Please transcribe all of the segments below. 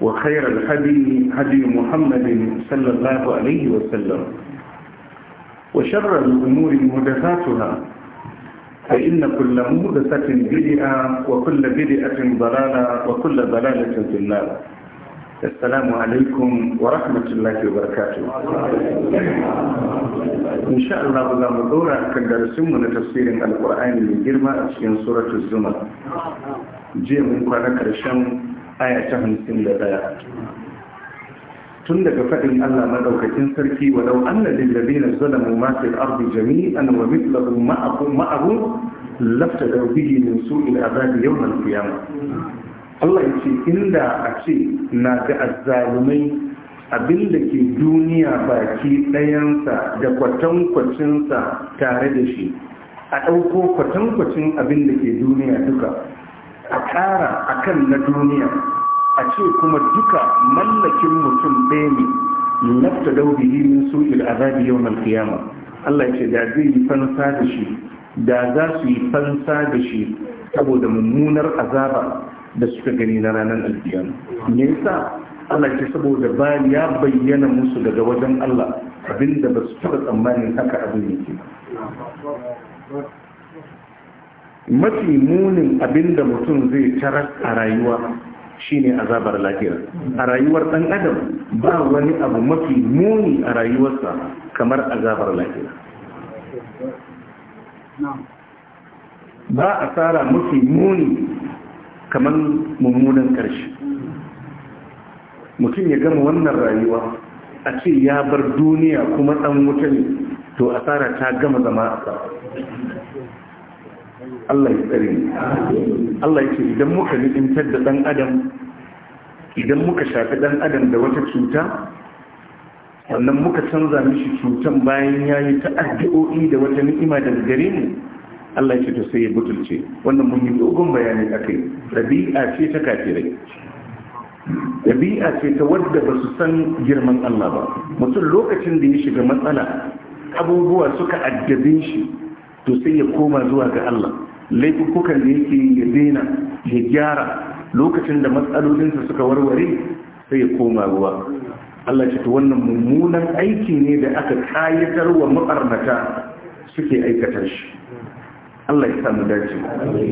وخير الهدي هدي محمد صلى الله عليه وسلم وشر الأمور مهدفاتها فإن كل مهدفة بدئة وكل بدئة ضلالة وكل ضلالة في النار السلام عليكم ورحمة الله وبركاته إن شاء الله ذا مدورة كان درسون تفسير القرآن من في سورة الزمر جيم من قناة aya ta hamsin da daya tun daga faɗin Allah madaukakin sarki walau annal lillazina zalamu ma fil ardi jami'an wa mithluhu ma'akum ma'ahu laftadaw bihi min su'il azabi yawm na qiyamah Allah ya ce inda a ce na ga azzalumai abin da ke duniya baki ɗayansa da kwatankwacinsa tare da shi a ɗauko kwatankwacin abin da ke duniya duka a ƙara a kan na duniya a ce kuma duka mallakin mutum ɗaya ne lafta daubihi min su'il azabi yau mal kiyama Allah ce da zai yi fansa da shi da za su yi fansa da shi saboda mummunar azaba da suka gani na ranar alkiyama me yasa Allah ce saboda ba ya bayyana musu daga wajen Allah abinda ba su taɓa tsammanin haka abin yake ba mafi munin abin da mutum zai tarar a rayuwa shine azabar lahira a rayuwar ɗan adam ba wani abu mafi muni a rayuwarsa kamar azabar lahira ba a tsara mafi muni kamar mummunan ƙarshe mutum ya gama wannan rayuwa a ce ya bar duniya kuma ɗan wuta ne to asara ta gama zama a Allah ya tsare Allah ya ce idan muka ni'imtar da dan adam idan muka shafi dan adam da wata cuta wannan muka canza mishi cutan bayan ya yi ta addu'o'i da wata ni'ima daga gare mu Allah ya ce to sai ya butulce wannan mun yi dogon bayani akai rabi'a ce ta kafirai ɗabi'a ce ta wadda ba su san girman Allah ba mutum lokacin da ya shiga matsala abubuwa suka addabin shi to sai ya koma zuwa ga Allah laifukan da yake ya daina ya gyara lokacin da matsalolinsa suka warware sai ya koma ruwa Allah ce ta wannan mummunan aiki ne da aka kayatar wa mabarnata suke aikata shi Allah ya samu dace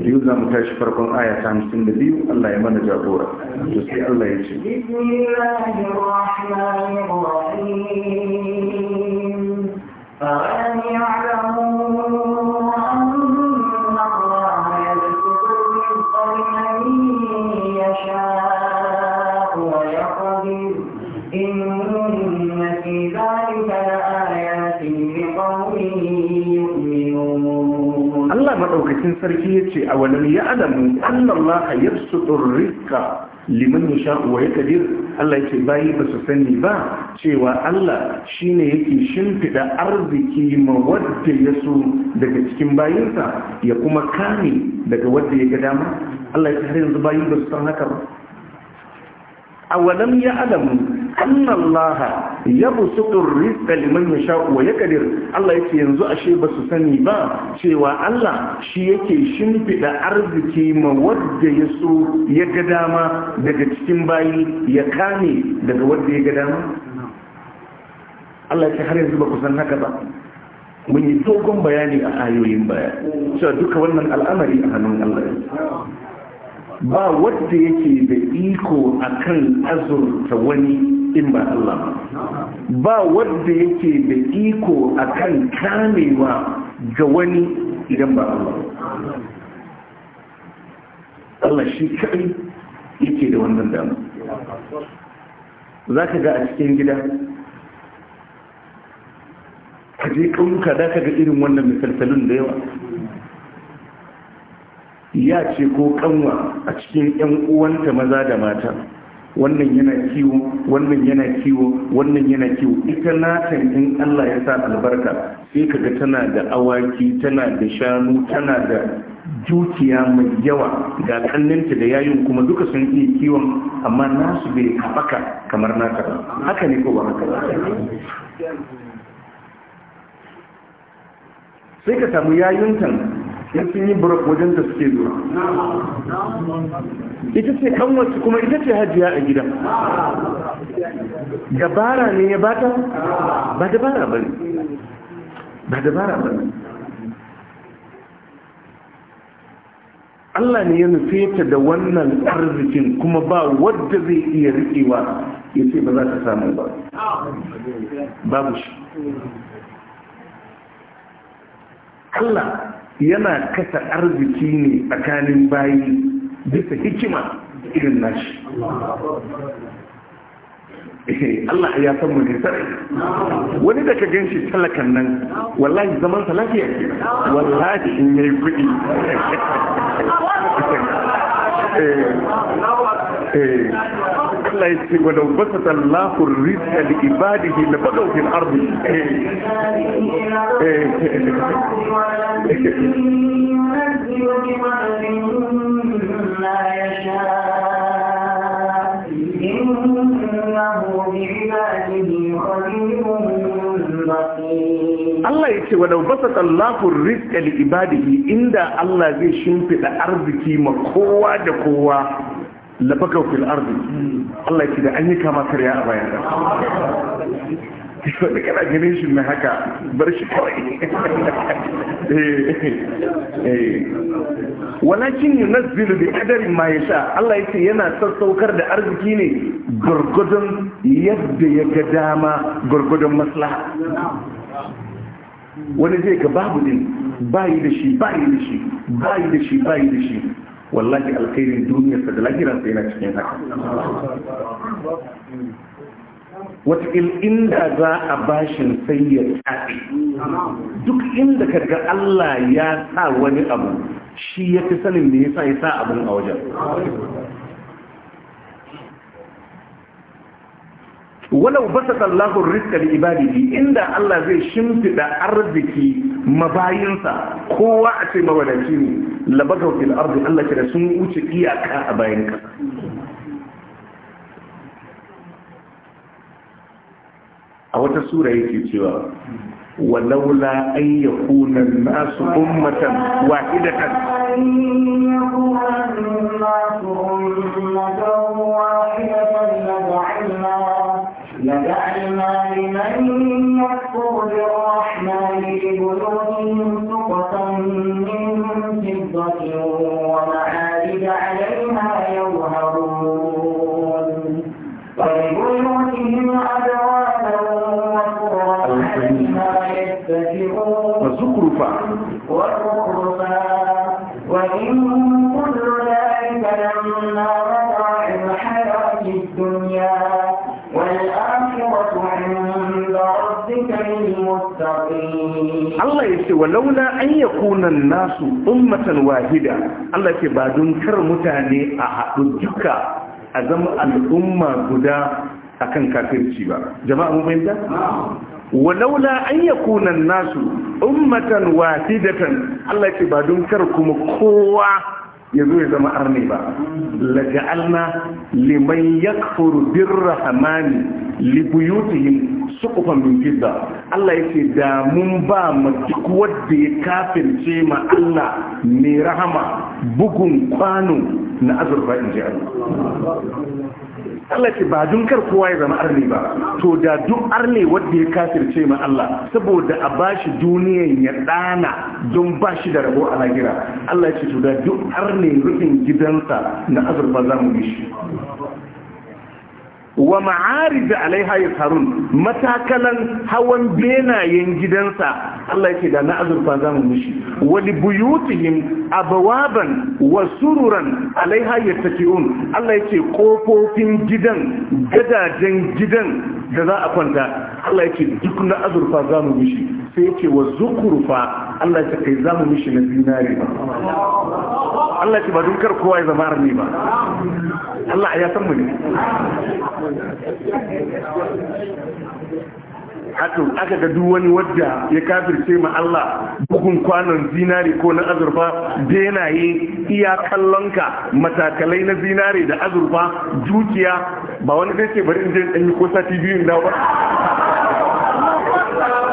biyu za mu tashi farkon aya ta hamsin da biyu Allah ya mana jagora to sai Allah ya ce Bismillahirrahmanirrahim madaukakin sarki ya ce a wani ya alamu annallaha yabsutu rizqa liman yasha wa yaqdir Allah yake bayi ba su sani ba cewa Allah shine yake shimfida arziki ma wadda ya so daga cikin bayinsa ya kuma kame daga wadda ya ga dama Allah yake har yanzu bayi ba su san haka ba awalam ya alamu annallaha ya busutur rizqa liman yasha wa yaqdir Allah yake yanzu ashe ba su sani ba cewa Allah shi yake shimfiɗa arziki ma wanda ya so ya ga dama daga cikin bayi ya kame daga wanda ya ga dama Allah ya har yanzu ba ku san haka ba mun yi dogon bayani a ayoyin baya cewa duka wannan al'amari a hannun Allah ba wadda yake da iko akan azurta wani in ba Allah ba ba wadda yake da iko akan kamewa ga wani idan ba Allah Allah shi kai yake da wannan dama za ka ga a cikin gida ka je ƙauyuka za ka ga irin wannan misaltalin da yawa ya ce ko kanwa a cikin 'yan uwanta maza da mata wannan yana kiwo wannan yana kiwo wannan yana kiwo ita na in Allah ya sa albarka sai kaga tana da awaki tana da shanu tana da jukiya mai yawa ga kanninta da yayin kuma duka sun iya kiwon amma nasu bai haɓaka kamar naka ba haka ne ko ba haka sai ka samu yayuntan in sun yi burak wajen da suke zuwa ita ce ɗan wasu kuma ita ce hajiya a gida dabara ne ya bata ba dabara ba ne ba dabara ba ne Allah ne ya nufe ta da wannan arzikin kuma ba wadda zai iya riƙewa ya ce ba za ta samu ba babu shi Allah yana kasa arziki ne tsakanin bayi bisa hikima irin nashi eh, Allah ya san mu ne sarai wani da ka gan shi talakan nan wallahi zaman sa lafiya ke wallahi in yi kuɗi eh eh Allah ya ce wa law ta Allahu rizqa li ibadihi la bagaw fil ardi eh, eh, eh. Allah ya ce wa law basata Allahu rizqa li ibadihi inda Allah zai shimfida arziki ma kowa da kowa labakau fil ardi Allah ya ce da an yi kama karya a bayan kisa da kana ganin shi na haka bar shi kawai walakin yunazzilu bi qadarin ma yasha Allah yace yana sassaukar da arziki ne gurgudun yadda ya ga dama gurgudun maslaha wani zai ga babu din bayi da shi bayi da shi bayi da shi bayi da shi wallahi alkhairin sa da lahirarsa yana cikin haka watakil inda za a bashin sai ya tsaye duk inda ka ga Allah ya sa wani abu shi ya fi sanin da ya sa ya sa abin a wajen walau basa tsallahun rikali da inda Allah zai shimfiɗa arziki mabayinsa kowa a ce mawadanci ne labarau fil ardi Allah kira sun wuce iyaka a bayan ka a wata sura yake cewa walaula an yakuna nasu ummatan wahidatan an لجعلنا لمن يكفر بالرحمن لبيوتهم سقطا من فضة ومعارج عليها يظهرون ولبيوتهم أدوات وسرا عليها يتكئون وزخرفا وزخرفا Allah ya ce walaula an ya yakuna nasu ummatan wahida Allah ke ba don kar mutane a haɗu duka a zama al'umma guda a kan kafirci ba jama'a mun fahimta walaula an ya yakuna nasu ummatan wahidatan Allah ke ba don kar kuma kowa ya zo ya zama arne ba laja'alna liman yakfuru birrahmani li buyutihim suqufan min fidda Allah yake da mun ba mu duk wanda ya kafirce ma Allah mai rahama bugun kwano na azurfa in ji Allah Allah ce ba dun kar kowa ya zama arne ba to da duk arne wanda ya kafirce ma Allah saboda a bashi duniyan ya dana don bashi da rabo a lagira Allah ya ce to da duk arne rufin gidansa na azurfa zamu mu shi wa ma'arij alaiha yasharun matakalan hawan benayen gidansa Allah yake da na azurfa za zamu mishi wali buyutihim abawaban wa sururan alaiha Takiun, Allah yake kofofin gidan gadajen gidan da za a kwanta Allah yake duk na azurfa za mu mishi sai yake wa zukurfa Allah yake kai za mu mishi na zinare Allah yake ba dunkar kowa ya zama arni ba Allah ya san mu ne haka aka ga duk wani wadda ya kafirce ma Allah bugun kwanon zinare ko na azurfa benaye iya kallonka matakalai na zinare da azurfa dukiya ba wani zai ce bari in je ɗanyi ko sati biyu dawo ba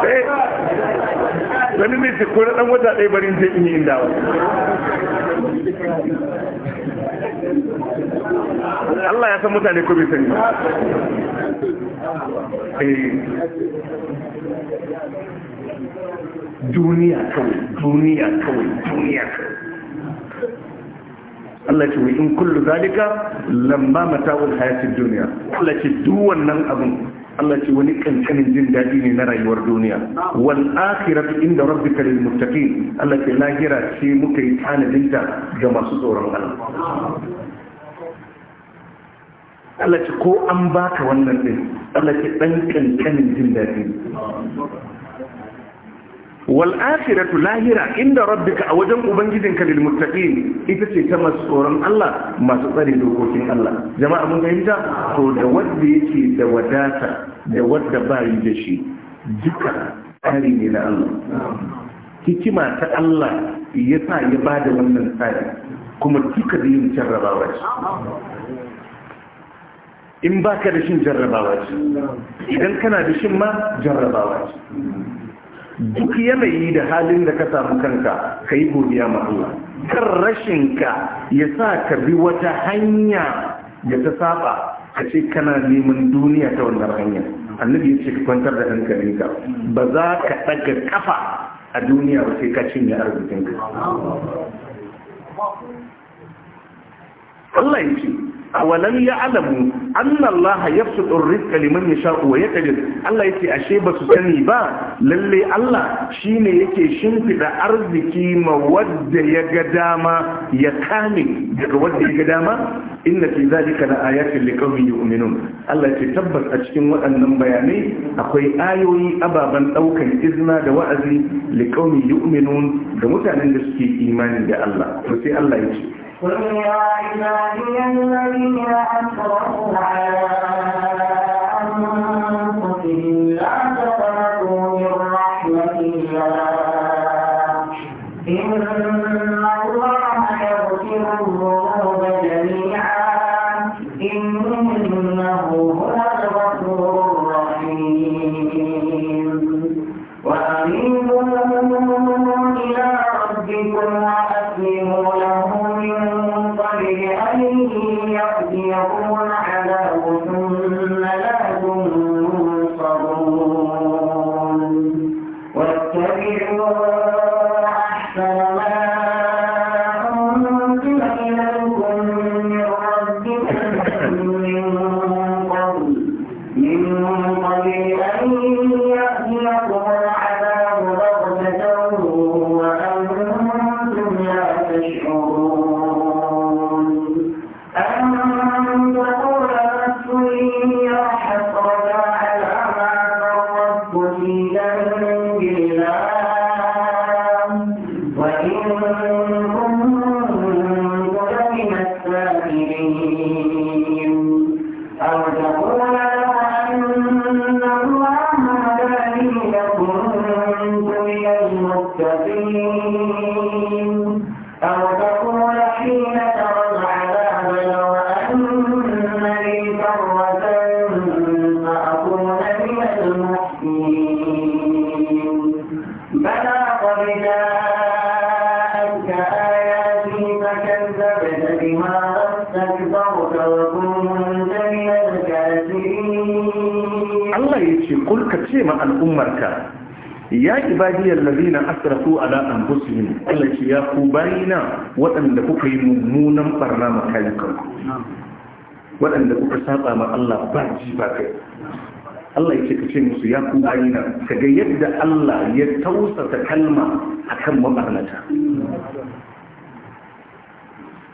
eh. wani zai ce ko na dan wata ɗaya barin zai in yi inda ba Allah ya san mutane ko bai sani eh. duniya kawai duniya kawai duniya kawai Allah ce in kullu zalika lamma mata'ul hayatid dunya Allah ce duk wannan Allah ce wani kankanin jin daɗi ne na rayuwar duniya wal akhiratu inda rabbika lil muttaqin Allah ce lahira ce muka yi tanadinta ga masu tsoron Allah Allah ce ko an baka wannan din Allah ce dan kankanin jin daɗi wal lahira inda rabbika a wajen ubangijinka lil muttaqin ita ce ta masu tsoron Allah masu tsare dokokin Allah jama'a mun fahimta to da wanda yake da wadata da wanda ba yi da shi duka tsari ne na Allah hikima ta Allah ya sa ya bada wannan tsari kuma duka da yin jarrabawa in baka da shin jarrabawa idan kana da shin ma jarrabawa duk yanayi da halin da ka samu kanka ka yi godiya ma Allah kan rashinka ya sa ka bi wata hanya da ta saba ka ce kana neman duniya ta wannan hanya annabi ya ce ka kwantar da hankalinka ba za ka ɗaga kafa a duniya ba sai ka cinye arzikinka Allah ya ce awalam ya alamu annallaha yafsudu ar-rizqa liman yasha'u wa yaqdir Allah ce ashe ba su sani ba lalle Allah shi ne yake shimfida arziki ma wadda ya ga dama ya kame daga wadda ya ga dama inna fi zalika la ayatin liqaumin yu'minun Allah ce tabbas a cikin waɗannan bayanai akwai ayoyi ababan ɗaukar izina da wa'azi liqaumin yu'minun ga mutanen da suke imani da Allah to sai Allah yake قل يا عبادي الذين أسرفوا على أنفسهم ce ma al'ummarka ya ibadiyar lalina asrafu ala an hussein Allah ce ya ku bayina waɗanda kuka yi mummunan barna makayukan waɗanda kuka saba ma Allah ba ji ba kai Allah ya ce ka ce musu ya ku bayina ka ga yadda Allah ya tausata kalma akan mabarnata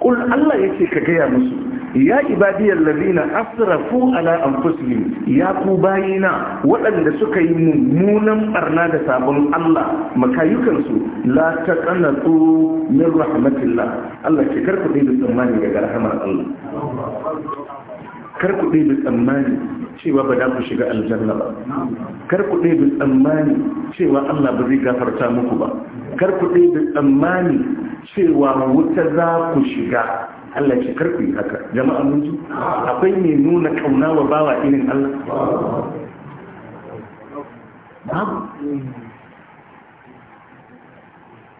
Kul Allah ya ce ka gaya musu ya ibadiyar lalina asrafu ala anfusihim ya ku bayina waɗanda suka yi mummunan barna da sabon Allah makayukansu la ta taqanatu min rahmatillah Allah ke karkuɗe da tsammani daga rahamar Allah karkuɗe da tsammani cewa ba da ku shiga aljanna ba karkuɗe da tsammani cewa Allah ba zai gafarta muku ba karkuɗe da tsammani cewa wuta za ku shiga Allah ce karku yi haka jama'a mun ji akwai mai nuna kauna wa bawa irin Allah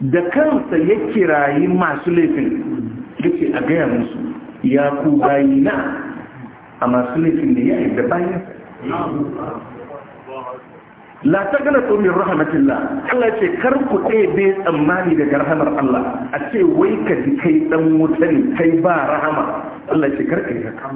da kansa ya kirayi masu laifin yake a gaya musu ya ku bayina a masu laifin da ya yi da bayan la taqnatu min rahmatillah Allah ce kar ku bai tsammani daga rahamar Allah a ce wai ka ji kai dan wuta ne kai ba rahama Allah ce kar yi haka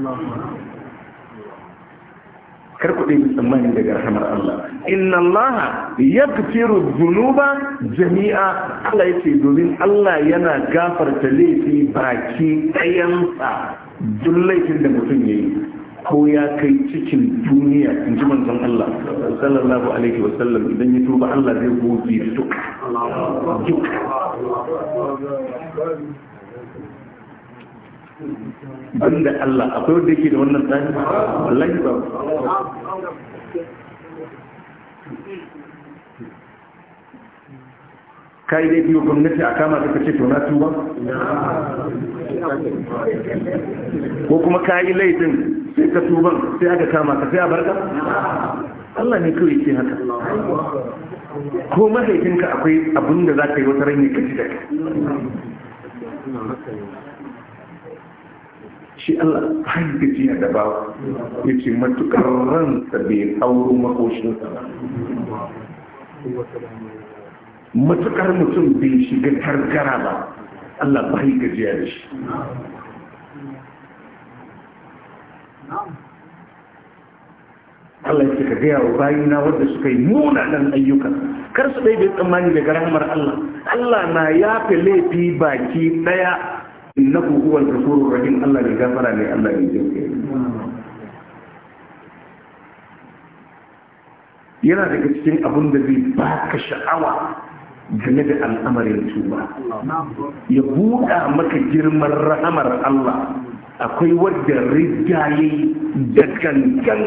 kar ku ɗebe tsammani daga rahamar Allah inna Allah yaghfiru dhunuba jami'a Allah ya ce domin Allah yana gafarta laifi baki ɗayansa duk laifin da mutum ya yi. ko ya kai cikin duniya in ji manzon Allah sallallahu alaihi wa sallam idan ya tuba Allah zai goge duk duk banda Allah akwai wanda yake da wannan tsari wallahi ba ka yi laifi gwamnati a kama suka ce tona tuba ko kuma ka yi laifin sai ka tuban sai aka kama ka sai a barka Allah ne kawai ce haka ko mahaifinka akwai abin da za ka yi wata rai ka ci da shi Allah har jiya da ba ya ce matukar ransa bai auro makoshinsa ba Matuƙar mutum bai shiga karkara ba Allah ba yi gajiya da shi Allah ya ka gaya wa bayina wadda suka yi munanan ayyukan kar su ɗaiɗe tsammani daga rahamar Allah Allah na yafe laifi baki ɗaya na huwal ghafurur rahim Allah ne gafara ne Allah ne jinkai yana daga cikin abin da zai baka sha'awa game da al'amarin tuba ya buɗa maka girman rahamar Allah akwai wadda rigaye da kankan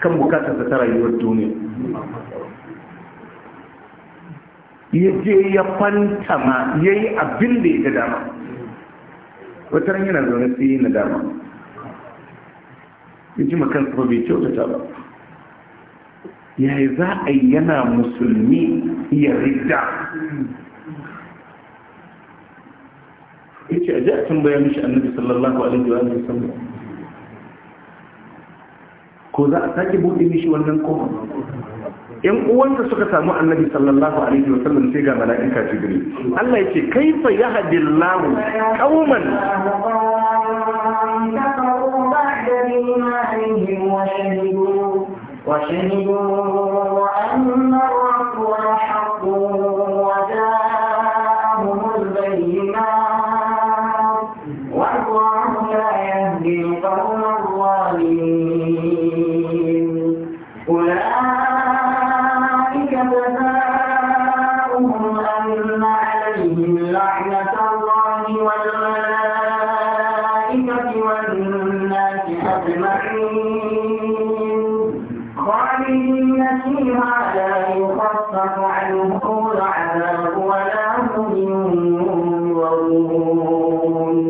kan bukatar ta rayuwar duniya ya je ya fantama ya yi abin da ya dama wata ran yana zaune sai yi na dama ya ji makansu ba bai kyautata ba yayi za a yi yana musulmi ya rida ya ce a tambaya mishi annabi sallallahu alaihi wa sallam ko za a sake buɗe mishi wannan kofar yan uwansa suka samu annabi sallallahu alaihi wa sallam sai ga mala'ika jibril Allah ya ce kaifa yahdillahu qauman kafaru ba'da imanihim wa shahidu وشهدوا أن الرسول حق وجاءهم البينات والله لا يهدي القوم الظالمين أولئك جزاؤهم أن عليهم لعنة الله والملائكة والناس أجمعين لا يخفف العذاب ولا هم ينظرون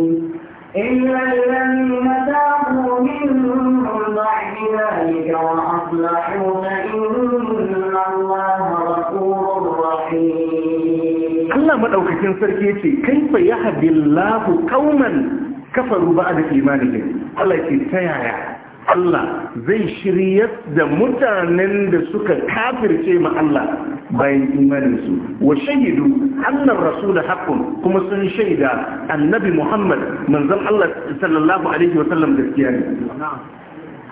إلا الذين تابوا من بعد ذلك وأصلحوا فإن الله غفور رحيم الله مدوكتين سركيتي كيف يهدي الله قوما كفروا بعد إيمانهم الله يتسايا Allah zai shirya da mutanen da suka kafirce ma Allah bayan imaninsu wa shahidu annar rasul haqqun kuma sun shaida annabi Muhammad manzon Allah sallallahu alaihi wa sallam gaskiya ne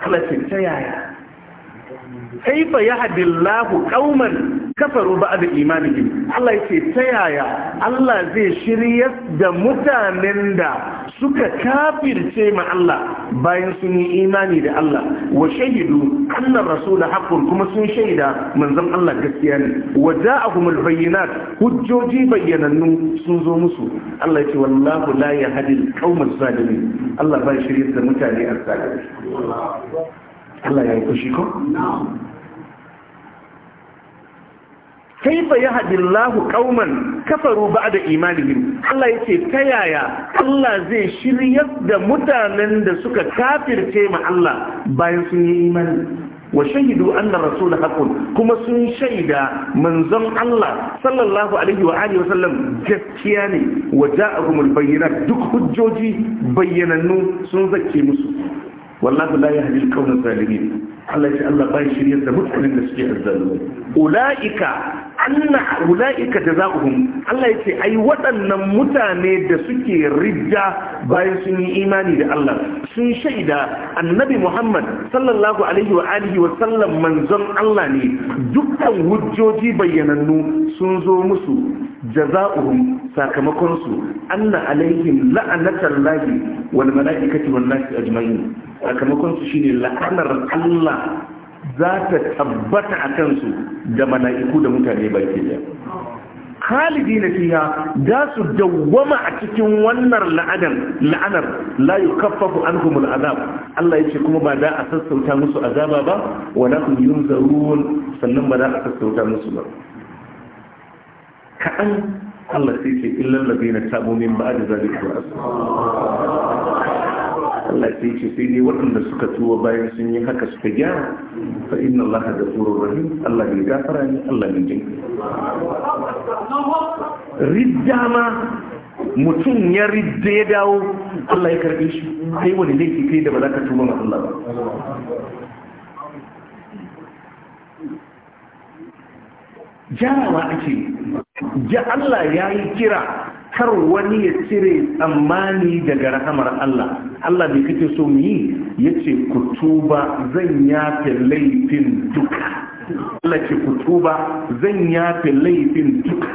Allah ce ta yaya kaifa yahdillahu qauman kafaru ba'da imanihim Allah ya ce ta yaya Allah zai shirya da mutanen da suka kafirce ma Allah bayan sun yi imani da Allah wa shahidu annar da haqqun kuma sun shaida manzon Allah gaskiya ne wa ja'ahumul bayyinat hujjoji bayyanannu sun zo musu Allah yace wallahu la yahdi al-qawmal zalimin Allah bai shirye da mutane a Allah ya yi kushi ko na'am kaifa yahdillahu qauman kafaru ba'da imanihim Allah yake ta yaya Allah zai shiryar da mutanen da suka kafirce ma Allah bayan sun yi imani wa shahidu anna rasul haqqun kuma sun shaida manzon Allah sallallahu alaihi wa alihi wasallam gaskiya ne wa ja'ahumul bayyinat duk hujjoji bayyanannu sun zakke musu wallahu la yahdi al-qawm zalimin Allah ce Allah bai shirye da mutanen da suke azzalumai ulaika anna ulaika jazaohum Allah yace ai waɗannan mutane da suke ridda bayan sun yi imani da Allah sun shaida annabi Muhammad sallallahu alaihi wa wa sallam manzon Allah ne dukkan hujjoji bayyanannu sun zo musu jaza'uhum sakamakon su anna alaihim la'anatar lahi wal mala'ikati wan nasi ajma'in sakamakon su shine la'anar Allah za ta tabbata a kansu da mala'iku da mutane baki daya khalidina fiha za su dawwama a cikin wannan la'anar la'anar la yukaffafu anhum al'azab Allah yace kuma ba za a sassauta musu azaba ba wala hum yunzarun sannan ba za a sassauta musu ba kaɗan Allah sai ce lallabe na tabo min ba da zalika ba asu Allah sai ce sai dai waɗanda suka tuwa bayan sun yi haka suka gyara fa inna Allah da tsoron rahim Allah bai gafara ne Allah bai jin ridda ma mutum ya ridda ya dawo Allah ya karbe shi kai wani laifi kai da ba za ka tuba ma Allah ba jarawa ake ji Allah ya yi kira kar wani ya cire tsammani daga rahamar Allah Allah bai kake so mu yi ya ce ku tuba zan yafe laifin duka Allah ce ku tuba zan yafe laifin duka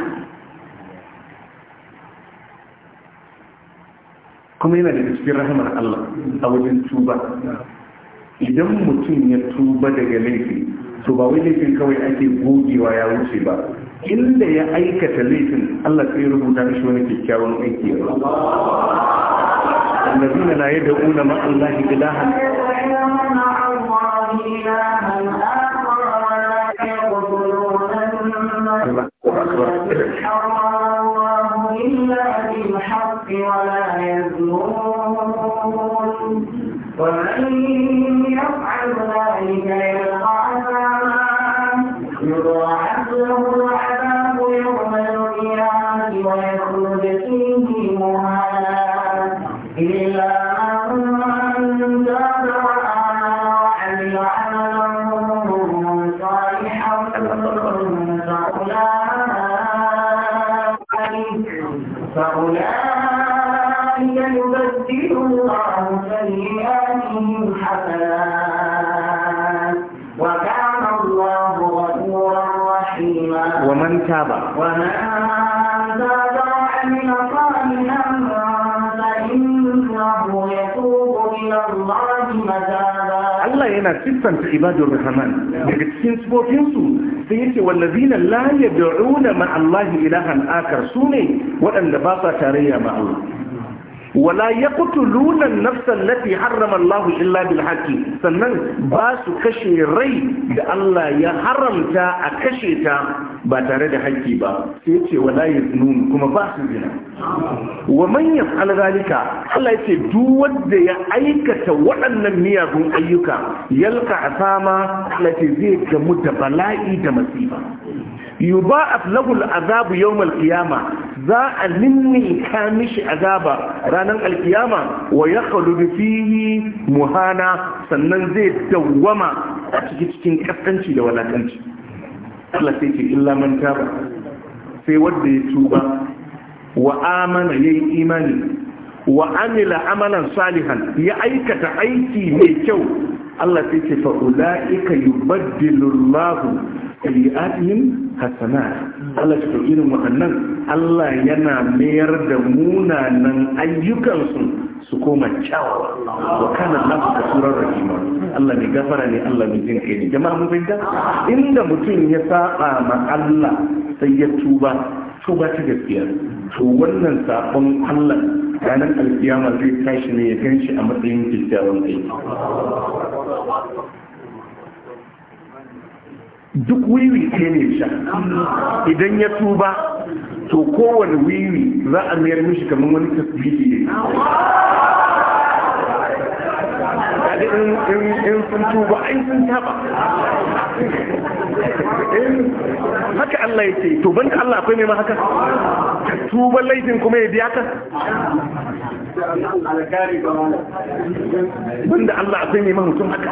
kuma yana da cikin rahamar Allah a wajen tuba idan mutum ya tuba daga laifi to ba wai laifin kawai ake gogewa ya wuce ba inda ya aikata laifin Allah sai rubuta shi wani kyakkyawan aiki ya rubuta annabina la yad'una ma'allahi ilahan ولا يزنون ومن تابا ومن Allah yana siffanta ibadur rahman daga cikin sifofinsu sai yace wallazina la yad'una ma Allah ilahan akar sune waɗanda ba sa tarayya ma Allah wala yaqtuluna an-nafsa allati harrama Allahu illa bil haqqi sannan ba su kashe rai da Allah ya haramta a kashe ta ba tare da haƙƙi ba sai ce wala yaznun kuma ba su zina wa manyan yaf'al zalika Allah yace duk wanda ya aikata waɗannan miyagun ayyuka yalqa asama Allah zai gamu da bala'i da masifa Yuba lahu al'azab yawm al-qiyama za a ninni ka mishi azaba ranar Alkiyama wa wa yakhlud fihi muhana sannan zai dawwama a cikin cikin da walakanci Allah sai ce illa man sai wanda ya tuba wa amana yayi imani wa amila amalan salihan ya aikata aiki mai kyau Allah sai ce fa ulaika yubaddilu sayyi'atihim hasana Allah shi irin waɗannan Allah yana mayar da munanan ayyukansu su koma kyawawa wa kana Allah ka surar rahima Allah mai gafara ne Allah mai jin kai ne jama'a mun fahimta inda mutum ya saba ma Allah sai ya tuba tuba ta gaskiya to wannan sabon Allah ranar alkiyama zai tashi ne ya ganshi a matsayin kyakkyawan aiki duk wiwi ke ne sha idan ya tuba to kowane wiwi za a mayar mishi kamar wani tasbihi ne in sun tuba ai sun taba haka Allah ya ce to ban da Allah akwai mai ma haka tuba laifin kuma ya biya ka ban da Allah akwai mai ma mutum haka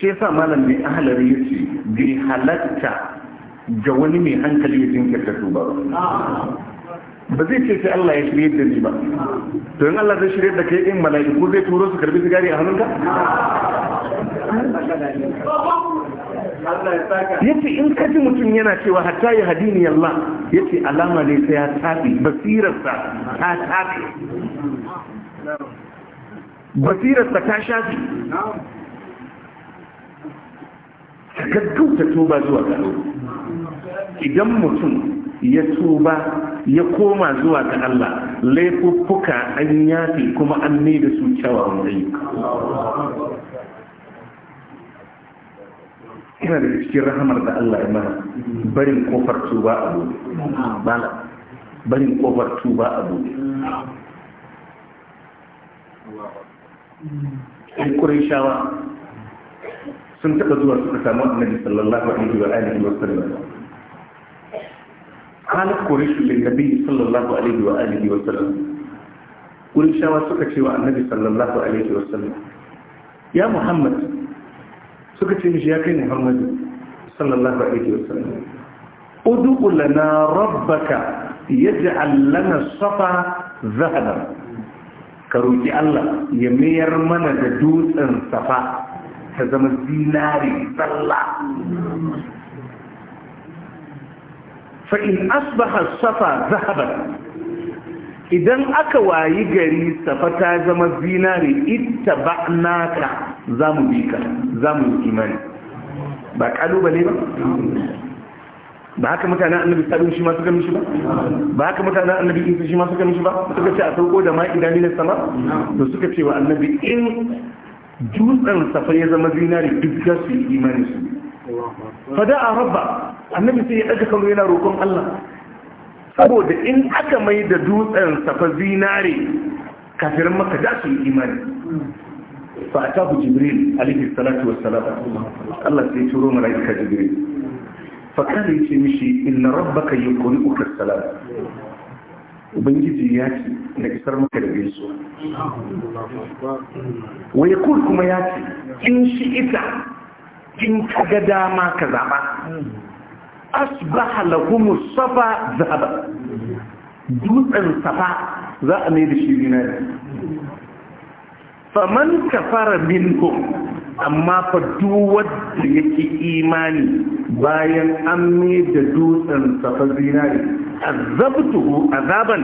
shi yasa malam mai ahalari yace bi bai halatta ga wani mai hankali ya jinkirta tuba ba ba zai ce sai Allah ya shirye da ni ba to in Allah zai shirye da kai in mala'iku zai turo su karbi sigari a hannunka yace in kaji mutum yana cewa hatta ya hadini Allah yace alama ne sai ya tafi basirarsa ta tafi basirarsa ta shafi ka gaggauta tuba zuwa ga Allah idan mutum ya tuba ya koma zuwa ga Allah laifuffuka an yafi kuma an ne da su kyawawan ayyuka ina da cikin rahamar da Allah ya mana barin kofar tuba a bude bala barin kofar tuba a bude ai kurai shawa sun taɓa zuwa suka samu annabi sallallahu alaihi wa alihi wa sallam qala quraish lin nabi sallallahu alaihi wa alihi wa sallam qurayshawa suka ce wa annabi sallallahu alaihi wa sallam ya muhammad suka ce mishi ya kai muhammad sallallahu alaihi wa sallam udu lana rabbaka yaj'al lana safa zahaban ka roki Allah ya mayar mana da dutsen safa ta zama zinari tsalla fa'in asbaha safa zahabar idan aka wayi gari safa ta zama zinari ita ba naka za mu bi ka za mu imani ba kalubale ba ba haka mutanen annabi tsarin shi ma suka mishi ba ba haka mutanen annabi isa shi ma suka mishi ba suka ce a sauko da ma'i na sama da suka ce wa annabi in dutsen safa ya zama zinari duk za su yi imani su fada a rabba annabi sai ya ɗaga kano yana roƙon Allah saboda in aka mai da dutsen safa zinari kafirin maka da su imani fa ta bu jibril alaihi salatu wassalam Allah sai ya turo malaika jibril fa kana yace mishi inna rabbaka yuqri'uka salat ubangiji ya ce na isar maka da gaisuwa wa yakul kuma ya ce in shi ita in ka ga dama ka zaɓa asbaha lahumu safa zahaba dutsen safa za a mai da shi zinari faman kafara minhum amma fa wanda yake imani bayan an da dutsen safa zinari azabtuhu azaban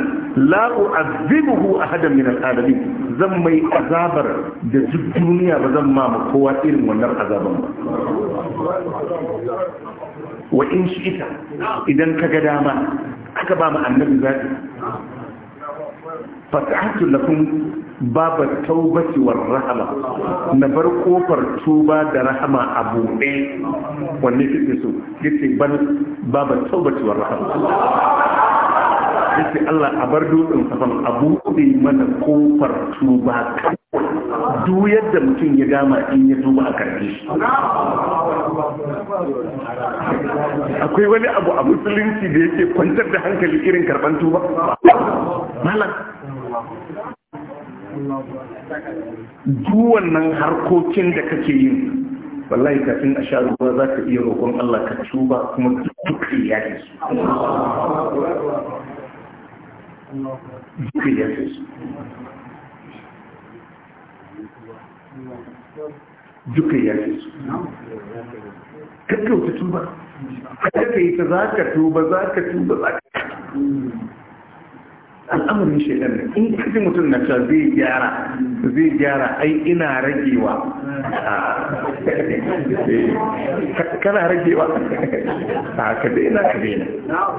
la u'azibuhu ahadan min al'alamin zan mai azabar da duk duniya ba zan ma kowa irin wannan azaban ba wa in shi ita idan ga dama aka ba mu annabi zaki fata'atu lakum baba taubati war rahama na bar kofar tuba da rahama a buɗe wanne kike so yace ban baba taubati war rahama yace Allah a bar dutsen safan a buɗe mana kofar tuba kawai duk yadda mutum ya dama in ya duba a karfe akwai wani abu a musulunci da yake kwantar da hankali irin karban tuba malam duwannan harkokin da kake yin wallahi kafin a sha ruwa za ka iya roƙon Allah ka tuba kuma duk ya ke su duka ya fi su kakkauta tuba kada ka yi ta za ka tuba za ka tuba za ka al'amarin shaidan ne in kaji mutum na ta zai gyara zai gyara ai ina ragewa eh, kana ragewa ka daina ka daina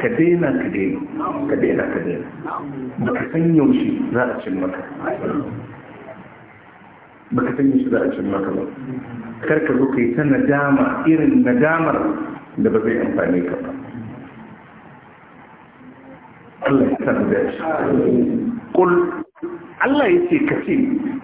ka daina ka daina ka daina ka daina ba ka san yaushe za a cin maka baka ka sanya shi za a cin maka ba kar ka zo ka ta nadama irin nadamar da ba zai amfani ka ba Allah ya san da shi Allah ya ce kace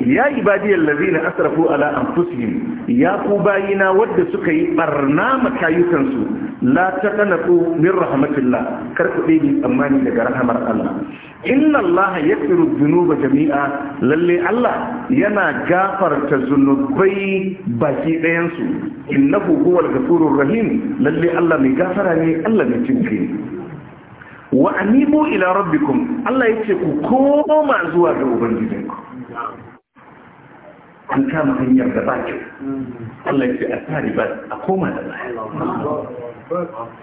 ya ibadiyar lazina asrafu ala anfusihim ya ku bayina wadda suka yi barna makayukansu la taqnatu min rahmatillah kar ku dai tsammani daga rahamar Allah inna Allah yaghfiru dhunuba jami'a lalle Allah yana gafarta zunubai baki ɗayansu inna innahu huwal ghafurur rahim lalle Allah mai gafara ne Allah mai cinkai wa anibu ila rabbikum Allah yace ku koma zuwa ga ubangijinku an kama hanyar da ba hmm. Allah yace a tari ba a koma da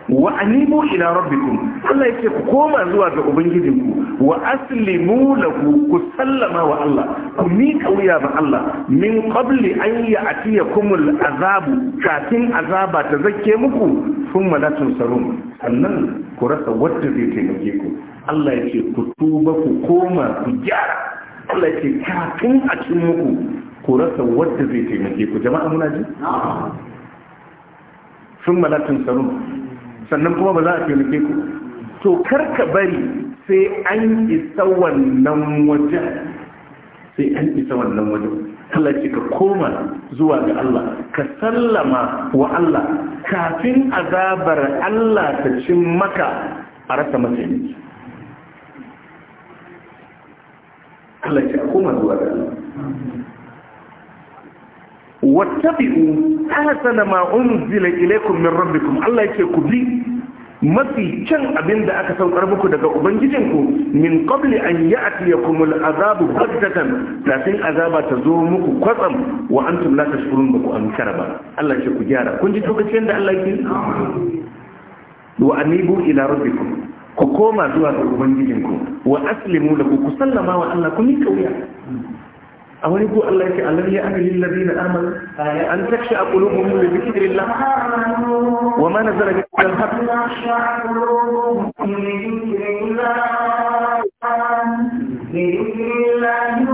wa'animu ina ila rabbikum Allah yake ku koma zuwa ga ubangijinku wa aslimu lahu ku sallama wa Allah ku miƙa wuya ga Allah min qabli an kumul azabu kafin azaba ta zakke muku thumma la tunsarun sannan ku rasa wadda zai taimake ku Allah yake ku tuba ku koma ku gyara Allah yake kafin a cin muku ku rasa wadda zai taimake ku jama'a muna ji sun malatin tsaro sannan kuma ba za a taimake ku to karka bari sai an isa wannan waje sai an isa wannan waje Allah ce ka koma zuwa ga Allah ka sallama wa Allah kafin azabar Allah ta cin maka a rasa mataimaki Allah ce ka koma zuwa ga Allah wattabi'u ahsana ma unzila ilaykum min rabbikum Allah yake ku bi mafi can abin da aka saukar muku daga ubangijinku min qabli an ya'tiyakum al'azabu baghtatan kafin azaba ta zo muku kwatsam wa antum la tashkurun ba ku amkara ba Allah ce ku gyara kun ji lokacin da Allah ke wa anibu ila rabbikum ku koma zuwa ga ubangijinku wa aslimu lahu ku sallama wa Allah ku mika wuya أو يقول الله يكي الذي أهل الذين آمنوا أن تكشأ قلوبهم لذكر الله وما نزل بك الحق أن تكشأ قلوبهم الله لذكر الله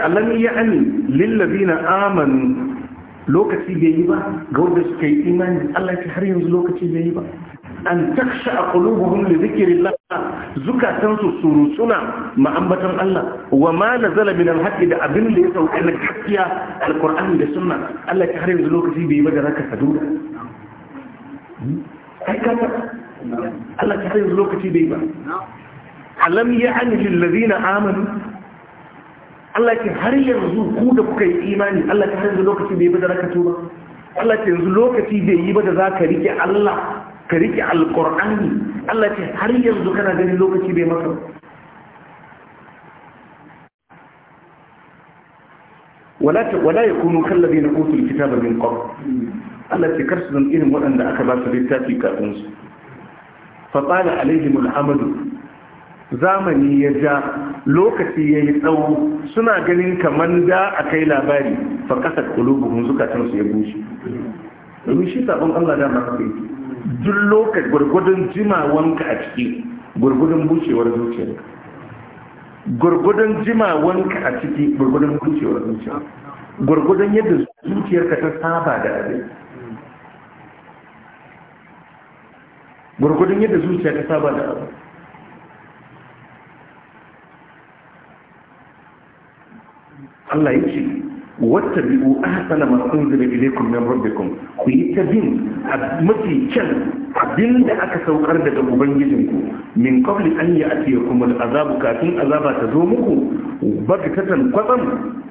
Allah ne alam ya'ani lillazina amanu lokaci bai yi ba ga wanda suka yi imani Allah ya har yanzu lokaci bai yi ba an taksha a qulubuhum li dhikrillah zukatan su surutsuna ma'ambatan Allah wa ma nazala min al-haqqi da abin da ya sauka na al alqur'ani da sunna Allah ya har yanzu lokaci bai yi ba da raka saduda ai kaga Allah ya har yanzu lokaci bai yi ba alam ya'ani lil ladina amanu Allah ce har yanzu ku da kuka yi imani Allah ce har yanzu lokaci bai yi ba da raka tuba Allah ce yanzu lokaci bai yi ba da zaka rike Allah ka rike Alƙur'ani. Allah ce har yanzu kana ganin lokaci bai maka wala wala yakunu kallabina utul kitaba min qabl Allah ce kar su zama irin waɗanda aka ba su littafi kafin su fa qala alaihim al'amadu zamani ya ja lokaci ya yi tsawo suna ganin kamar da a kai labari fa kasar kulubuhun zukatansu ya bushe domin shi sabon allah da masu kai duk lokaci gwargwadon jimawanka a ciki gwargwadon bushewar zuciyarka gwargwadon jimawanka a ciki gwargwadon bushewar zuciyarka gwargwadon yadda zuciyarka ta saba da abin gwargwadon yadda zuciya ta saba da abin Allah ya ce wata biyu ahsana ma unzila ilaykum min rabbikum ku yi ta bin mafi kyan abin da aka saukar daga ubangijinku min qabli an ya'tiyakum azabu kafin azaba ta zo muku bagtatan kwatsam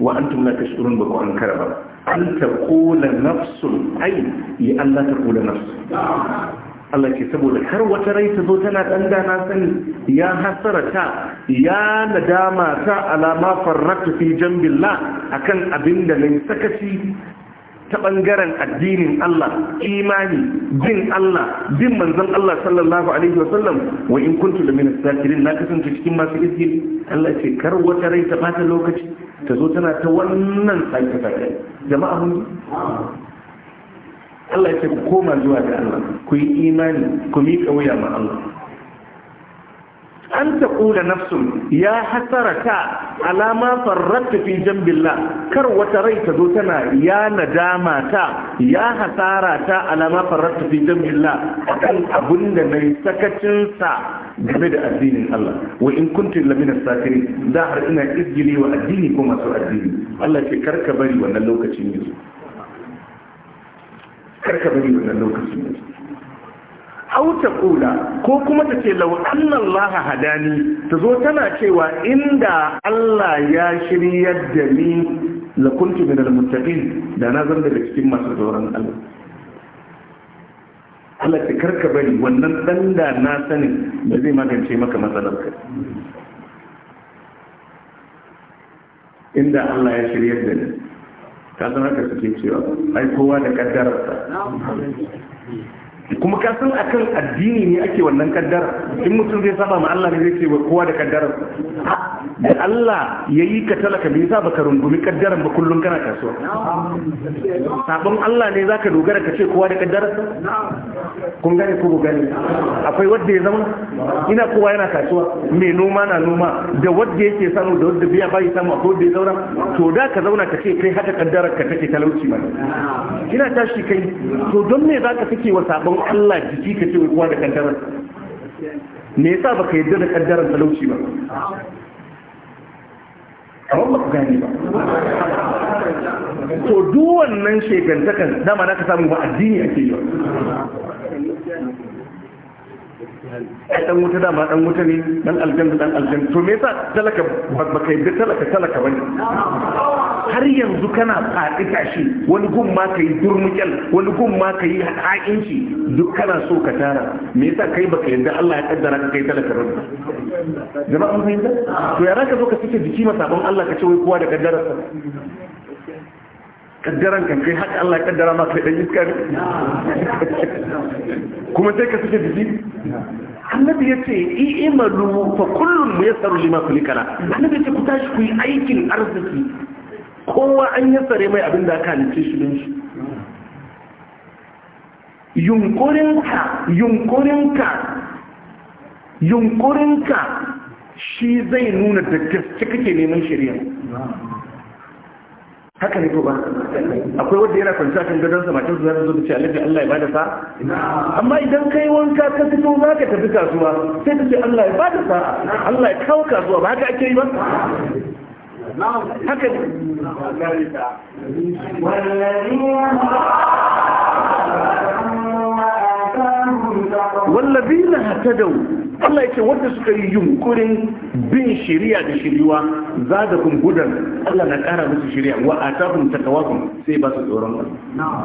wa antum la tashurun ba ku an karaba an kola nafsun ai, ya Allah taqula nafsun Allah ce saboda kar wata rai ta zo tana dan sani ya hasarata ya nadama ta alama farratu fi jambillah akan abin da mai sakaci ta bangaren addinin Allah imani bin Allah bin manzon Allah sallallahu alaihi wasallam wa in kuntu lamin sakirin na kasance cikin masu izgil Allah ce kar wata rai ta bata lokaci ta zo tana ta wannan sake sake jama'a mun Allah ya ce ku koma zuwa ga Allah ku yi imani ku miƙa wuya ma Allah an ta da nafsun ya hasarata alama farratta fi jambillah kar wata rai ta zo tana ya nadama ta ya hasara ta alama farratta fi jambillah akan abun da nayi sakacin sa game da addinin Allah wa in kuntum lamina sakirin da har ina izgili wa addini ko masu addini Allah ke karka bari wannan lokacin yanzu karka bari wannan lokaci au ta kula ko kuma ta ce lau annan laha hadani ta zo tana cewa inda Allah ya shirya da ni la kuntu min al da na zan daga cikin masu tsoron Allah Allah ta karka bari wannan dan da na sanin da zai magance maka matsalar ka inda Allah ya shirya da ni ka san haka suke cewa ai kowa da kaddararsa kuma ka san akan addini ne ake wannan kaddara in mutum zai saba ma Allah ne zai ce kowa da kaddarar da Allah ya yi ka talaka me yasa baka rungumi kaddaran ba kullum kana kasuwa sabon Allah ne zaka dogara ka ce kowa da kaddarar kun gane ko gane akwai wanda ya zama ina kowa yana kasuwa me noma na noma da wanda yake samu da wanda biya bai samu akwai wanda ya zauna to da ka zauna ka ce kai haka kaddarar ka take talauci ba kina tashi kai to don me zaka fike wa sabon wa Allah jiki ka ce wai kuwa da kaddarar me yasa baka yadda da kaddarar talauci ba A kawai baka gane ba to duwannan wannan shekantakan dama na ka samu ba addini a ke yi ai dan wuta dama dan wuta ne dan aljanta, dan aljanta, to me yasa talaka baka yadda talaka talaka bane har yanzu kana faɗi tashi wani gun ma ka yi durmukyal wani gun ma ka yi ha'inci duk kana so ka tara me yasa kai baka yarda Allah ya kaddara ka kai talaka ba jama'a mun fahimta to ya zaka zo ka fice jiki ma sabon Allah ka ce wai kowa da kaddarar sa kaddaran kan kai haka Allah ya kaddara ma kai dan iska ne kuma sai ka fice jiki annabi ya ce i'malu fa kullun muyassaru lima khuliqana annabi ya ce ku tashi ku yi aikin arziki kowa an yi tsare mai abin da aka halitta shi don shi yunkurinka yunkurinka yunkurinka shi zai nuna da gaske kake neman shirya haka ne ko ba akwai wanda yana kwanci kan gadon sa matar zuwa zo ce alaji Allah ya bada sa amma idan kai wanka ka fito za ka tafi kasuwa sai ta ce Allah ya bada sa Allah ya kawo kasuwa ba haka ake yi ba نعم. هكذا والذين والذين هتدوا الله يكون وده سكري يمكن بين شريعة شريوة زادكم قدا الله نكارا بس شريعة وآتاكم تقواكم سي بس الورم نعم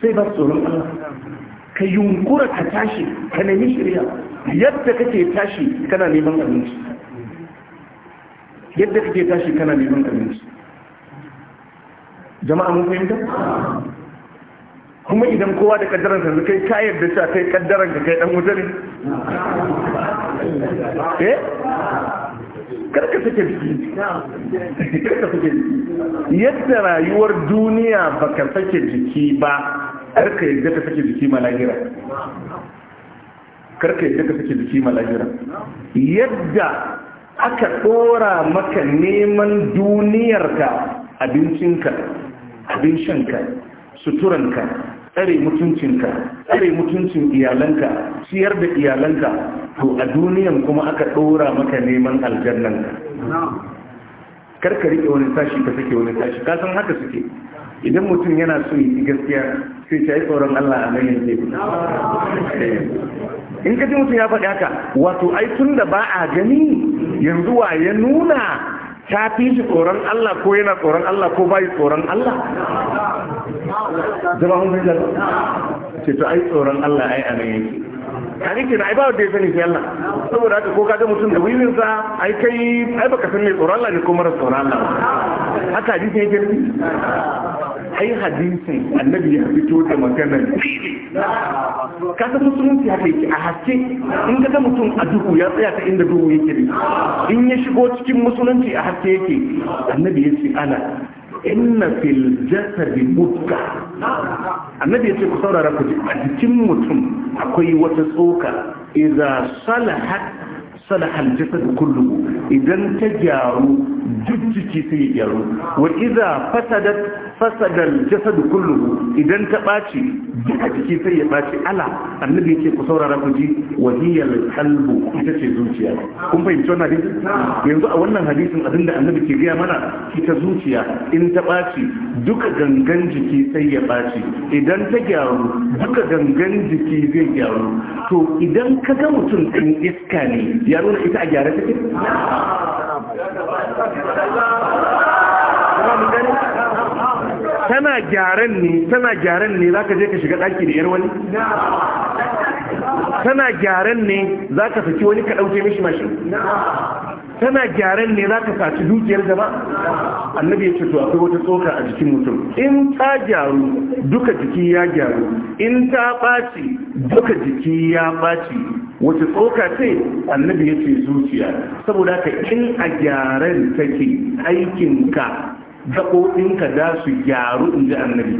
سي بس الورم الله كي يمكن تتاشي كان يمي شريعة يتكتي تتاشي كان يمي شريعة yadda kake tashi kana neman abinci jama'a mun fahimta kuma idan kowa da kaddaran sa kai ka yadda cewa kai kaddaran ka kai dan wuta ne eh karka take biki karka take biki yadda rayuwar duniya ba ka take biki ba karka yadda ka sake jiki malahira karka yadda ka sake jiki malahira yadda aka ɗora maka neman duniyarka abincinka abin suturanka tsare mutuncinka tsare mutuncin iyalanka ciyar da iyalanka to a duniyan kuma aka ɗora maka neman aljannanka karka riƙe wani tashi ka suke wani tashi kasan haka suke idan mutum yana so yi gaskiya sai ta yi tsoron Allah a nan yanzu eh. in ka ji mutum ya faɗi haka wato ai tun da ba a gani yanzu wa ya nuna ta fi shi tsoron Allah ko yana tsoron Allah ko bai tsoron Allah zama hun ce to ai tsoron Allah ai a nan yanzu kare ke na ba wanda ya sani sai Allah saboda haka ko ka ga mutum da wiwin sa ai kai ai baka san mai tsoron Allah ne ko mara tsoron Allah haka hadisi yake nufi ai hadisi annabi ya fito da magana ka san musulunci haka yake a haske in ka ga mutum a duhu ya tsaya ta inda duhu yake ne in ya shigo cikin musulunci a haske yake annabi ya ce ana inna fil jasadi mutka annabi ya ce ku saurara ku ji a jikin mutum akwai wata tsoka iza salahat salahal jasad kulluhu idan ta gyaru duk jiki sai gyaru wa idza fasadat fasadal jasadu kullum idan ta ɓaci duka jiki sai ya ɓaci ala annabi yake ku saurara ku ji wahiyal kalbu ita ce zuciya kun fahimci wannan hadisi yanzu a wannan hadisin abinda annabi ke gaya mana ita zuciya in ta ɓaci duka gangan jiki sai ya ɓaci idan ta gyaru duka gangan jiki zai gyaru to idan ka ga mutum ɗin iska ne ya nuna ita a gyara take? Tana gyaran ne tana gyaran ne zaka je ka shiga daki da yar wani Tana gyaran ne zaka saki wani ka dauke mishi mashin tana gyaran ne za ka saci dukiyar gaba annabi ya ce to akwai wata tsoka a jikin mutum in ta gyaru duka jiki ya gyaru in ta ɓaci duka jiki ya ɓaci wace tsoka ce annabi ya ce zuciya saboda ka in a gyaran take aikinka gaɓoɓinka za su gyaru in ji annabi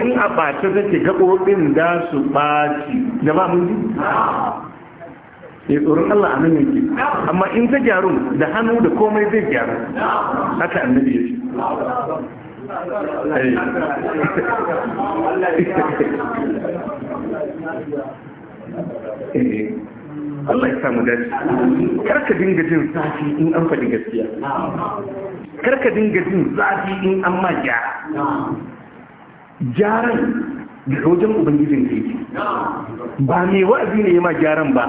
in a ɓace ke gaɓoɓin za su ɓaci da ba mun ji ya eh, tsoron Allah a nan yake amma in ta gyaru da hannu da komai zai gyaru haka annabi ya ce eh. Eh. Allah ya samu dace kar ka dinga jin safi in an faɗi gaskiya karka dinga jin zafi in an ma gyara gyaran da wajen ubangijin ka yake ba mai wa'azi ne ya ma gyaran ba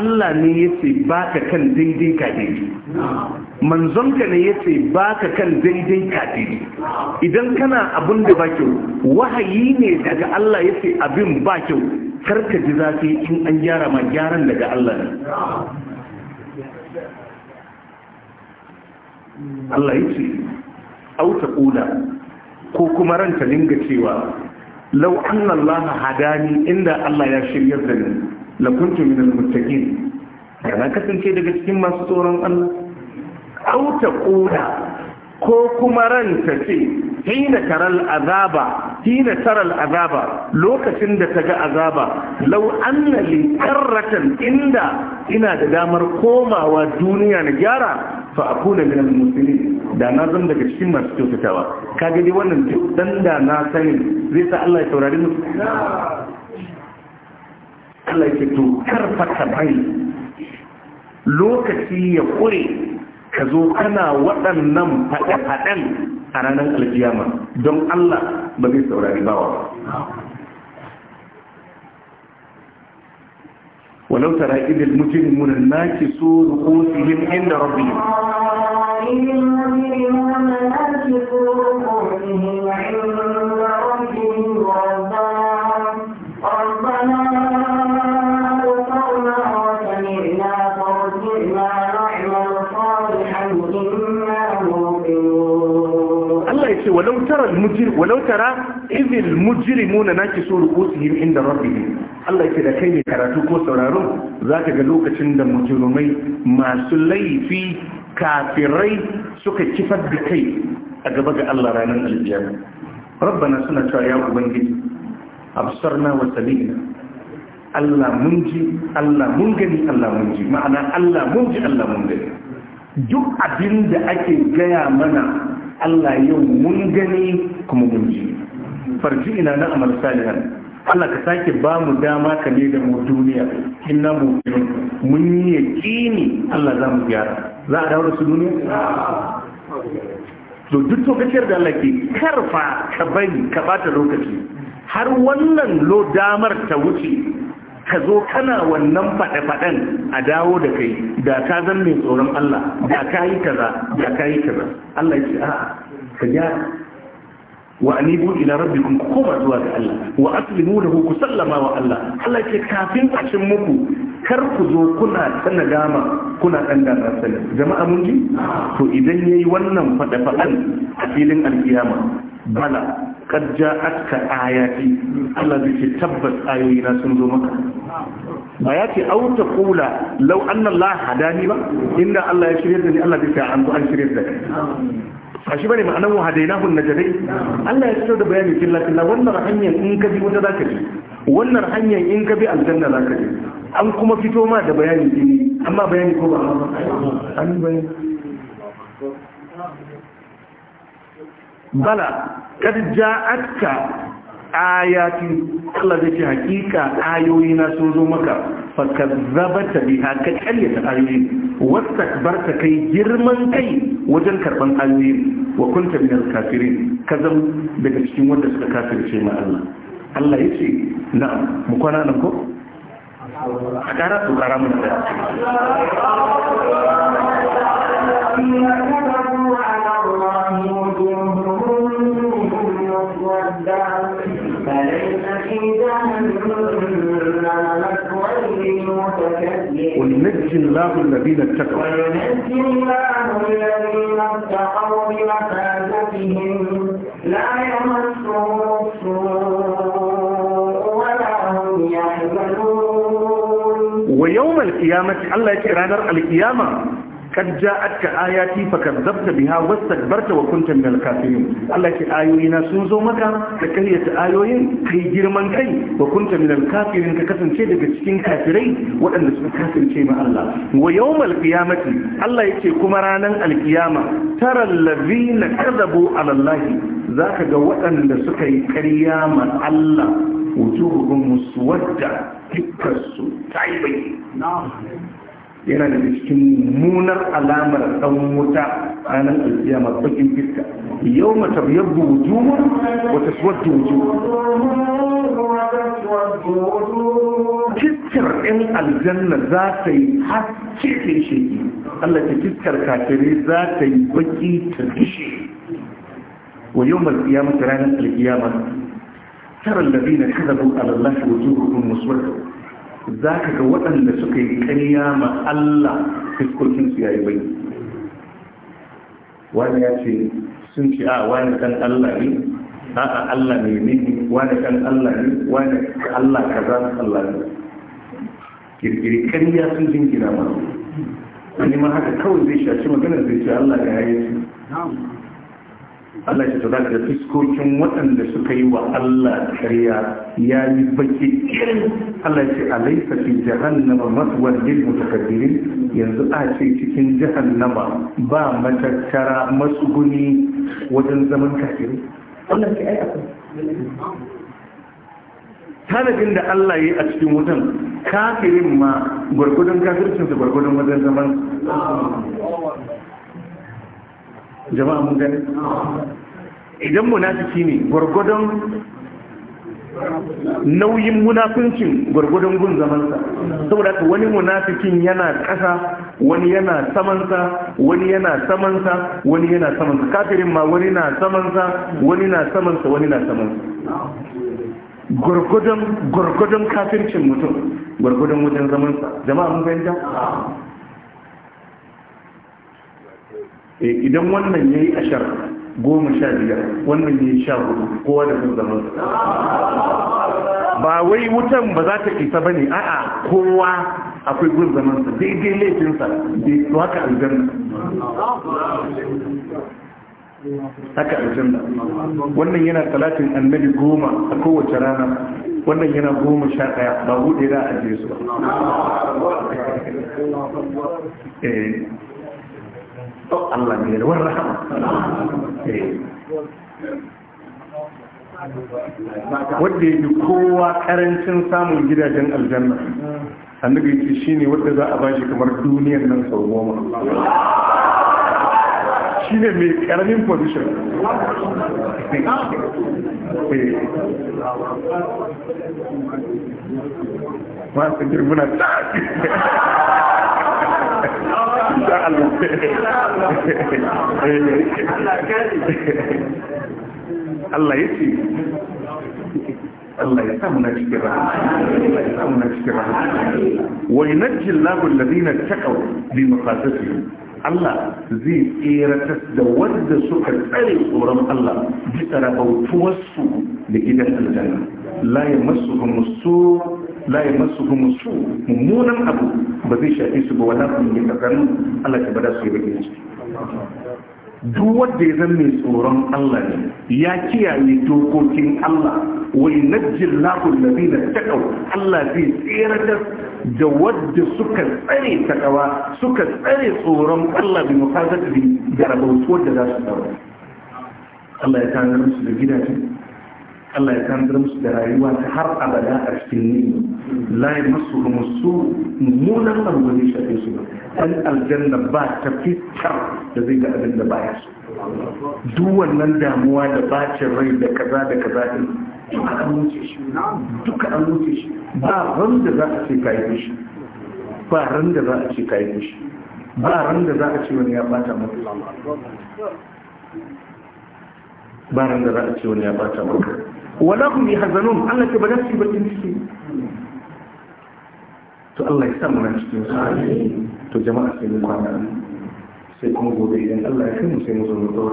Allah ne ya ce ba ka kan daidai ka daidai ka ne ya ce ba ka kan daidai ka daidai idan kana abin da ba kyau wahayi ne daga Allah ya ce abin ba kyau karka ji zafi in an gyara ma gyaran daga Allah ne Allah ya ce auta ƙula ko kuma ranta linga cewa lau annan laha hadani inda Allah ya shirya da ni La kuntu min almuttaqin kana kasance daga cikin masu tsoron Allah auta ƙula ko kuma ranta ce hina taral azaba hina taral azaba lokacin da ta ga azaba lau anna li karratan inda ina da damar komawa duniya na gyara fa a kone al musulmi da na zan daga cikin masu kyautatawa ka gani wannan dan da na sani zai sa Allah ya saurari mu Allah ya to karfata bai lokaci ya kure ka zo kana waɗannan faɗe-faɗen a ranar aljiyama don Allah ba zai saurari bawa ba ولو ترى إذ المجرمون الناكسوا رؤوسهم عند ربهم إذ المجرمون ناكسوا رؤوسهم عند walau tara mujir walau tara izil mujrimuna nakisu ru'usihim inda rabbihim Allah yake da kai ne karatu ko sauraro zaka ga lokacin da mujrimai masu laifi kafirai suka kifar da kai a gaba ga Allah ranar aljiyar rabbana suna cewa ya ubangiji absarna wa Salina. Allah mun ji Allah mun gani Allah mun ji ma'ana Allah mun ji Allah mun gani duk abin da ake gaya mana Allah yau mun gani kuma mun ji farji ina na amal salihan Allah ka sake ba mu dama ka ne da mu duniya inna mu mun yi yaqini Allah za mu gyara za a dawo da su duniya to duk lokacin da Allah ke karfa ka bari ka bata lokaci har wannan lo damar ta wuce ka zo kana wannan faɗe-faɗen a dawo da kai da ka zan mai tsoron Allah da ka yi kaza da ka yi kaza Allah ya ce a ka gyara wa anibu ila rabbikum ku zuwa ga Allah wa aslimu lahu ku sallama wa Allah Allah ya ce kafin a cin muku kar ku zo kuna ta nadama kuna dan da sanin jama'a mun ji to idan yayi wannan faɗe-faɗen a filin alkiyama bala kad ja'atka ayati Allah zai ce tabbas ayoyi na sun zo maka ba ya ce au ta kula lau anna Allah hadani ba inda Allah ya shirye da ni Allah zai ce an zo an shirye da kai a shi bane ma'anar wa hadainahu najadai Allah ya fito da bayani filla filla wannan hanyar in ka bi wata zaka ji wannan hanyar in ka bi aljanna zaka ji an kuma fito ma da bayani amma bayani ko ba an bayani bala kad ja'atka ayati Allah zai ce hakika ayoyi na sun zo maka fakazzabata biha ka karyata ayoyi wastakbarta kai girman kai wajen karban ayoyi wa kunta min al-kafirin ka zam daga cikin wanda suka kafirce ma Allah Allah yace na'am mu kwana nan ko a kara su kara mu da وينجي الله الذين اتقوا وينجي الله الذين اتقوا بمفازتهم لا يمسهم السوء ولا هم يحزنون ويوم القيامة الله يكرر القيامة kad ja'atka ayati fakazzabta biha wastakbarta wa kunta min al-kafirin Allah ke ayoyi na sun zo maka da karyata ayoyin kai girman kai wa min al-kafirin ka kasance daga cikin kafirai waɗanda suka kasance ma Allah wa yawmal qiyamati Allah yake kuma ranan al-qiyama taral ladina kadzabu ala Allah zaka ga waɗanda suka yi ƙarya ma Allah wujuhum muswadda ta yi na'am yana da cikin munar alamar dan wuta ranar alkiyama bakin fiska yau mata yabbu wujuhu wa taswaddu wujuhu fiskar ɗin aljanna za ta yi haske ta sheki Allah ta fiskar kafirai za ta yi baki ta dishe wa yau malkiyama ranar alkiyama tara alladhina kadhabu ala allahi wujuhuhum muswadda za ka ga waɗanda suka yi ƙarya ma Allah fiskokinsu ya yi bai wani ya ce sun ce a wani kan Allah ne a Allah ne ne wani kan Allah ne wani Allah ka za su Allah ne kirkiri ƙarya sun jingina ma wani ma haka kawai zai shaci maganar zai ce Allah ya yi su Allah ya tada da fiskokin waɗanda suka yi wa Allah kariya ya yi baki kirin Allah ce a laifa fi jahannama maswar lil mutakabbirin yanzu a ce cikin jahannama ba matattara masuguni wajen zaman kafiri Allah ce ai akwai tanajin da Allah ya yi a cikin wutan kafirin ma gwargwadon kafircinsa gwargwadon wajen zaman jama'a mun gani idan munafiki ne gwargwadon nauyin munafincin gwargwadon gun zamansa saboda ka wani munafikin yana ƙasa wani yana samansa wani yana samansa wani yana samansa kafirin ma wani na samansa wani na samansa wani na samansa gwargwadon gwargwadon kafircin mutum gwargwadon wajen zamansa jama'a mun gani Eh, idan wannan ya yi ashar goma sha biyar wannan ya yi sha hudu kowa da sun zaman ba wai wutan ba za ta isa ba ne a'a kowa akwai gun zamansa daidai laifinsa bai eh, su haka aljanna haka aljanna wannan yana talatin annabi goma a kowace rana wannan yana goma sha ɗaya ba hudu da a su ba eh, to Allah ne da rahama eh. wanda yake kowa karancin samun gidajen aljanna annabi yake shine wanda za a bashi kamar duniyar nan sau goma shine mai karamin position eh. masu girmuna ta insha Allah Allah ya ce Allah ya samu na cikin rahama na bi Allah zai tseratar da wanda suka tsare tsoron Allah bisa rabautuwarsu da gidan aljanna la yamassuhum su la ya masu kuma su mummunan abu ba zai shafi su ba wala kun yi tsakanin Allah ta bada su yi bakin ciki duk wanda ya zama mai tsoron Allah ne ya kiyaye dokokin Allah wai najjil lahul na taqaw Allah zai tsiratar da wadda suka tsare takawa suka tsare tsoron Allah bi mufazati da rabautuwar da za su dawo Allah ya tanar su da gidaje Allah ya tanzar musu da rayuwa ta har abada a cikin ni la ya masu musu munan abu ne shafe su ɗan aljanna ba ta fitar da zai ga abin da baya su duk wannan damuwa da bacin rai da kaza da kaza din duka an wuce shi duka an wuce shi ba ran da za a ce kayi shi ba ran da za a ce kayi shi ba ran da za a ce wani ya bata maka ba ran da za a ce wani ya bata maka ولهم يحزنون أنا كبنفسي بالتنسي تو الله يسمى نفسي تو جماعة في المقامة سيكون بودي إذن الله يخيم سيكون زمدور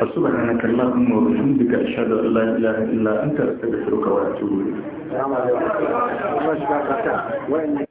فسبحانك اللهم وبحمدك أشهد أن لا إله إلا أنت أستغفرك وأتوب إليك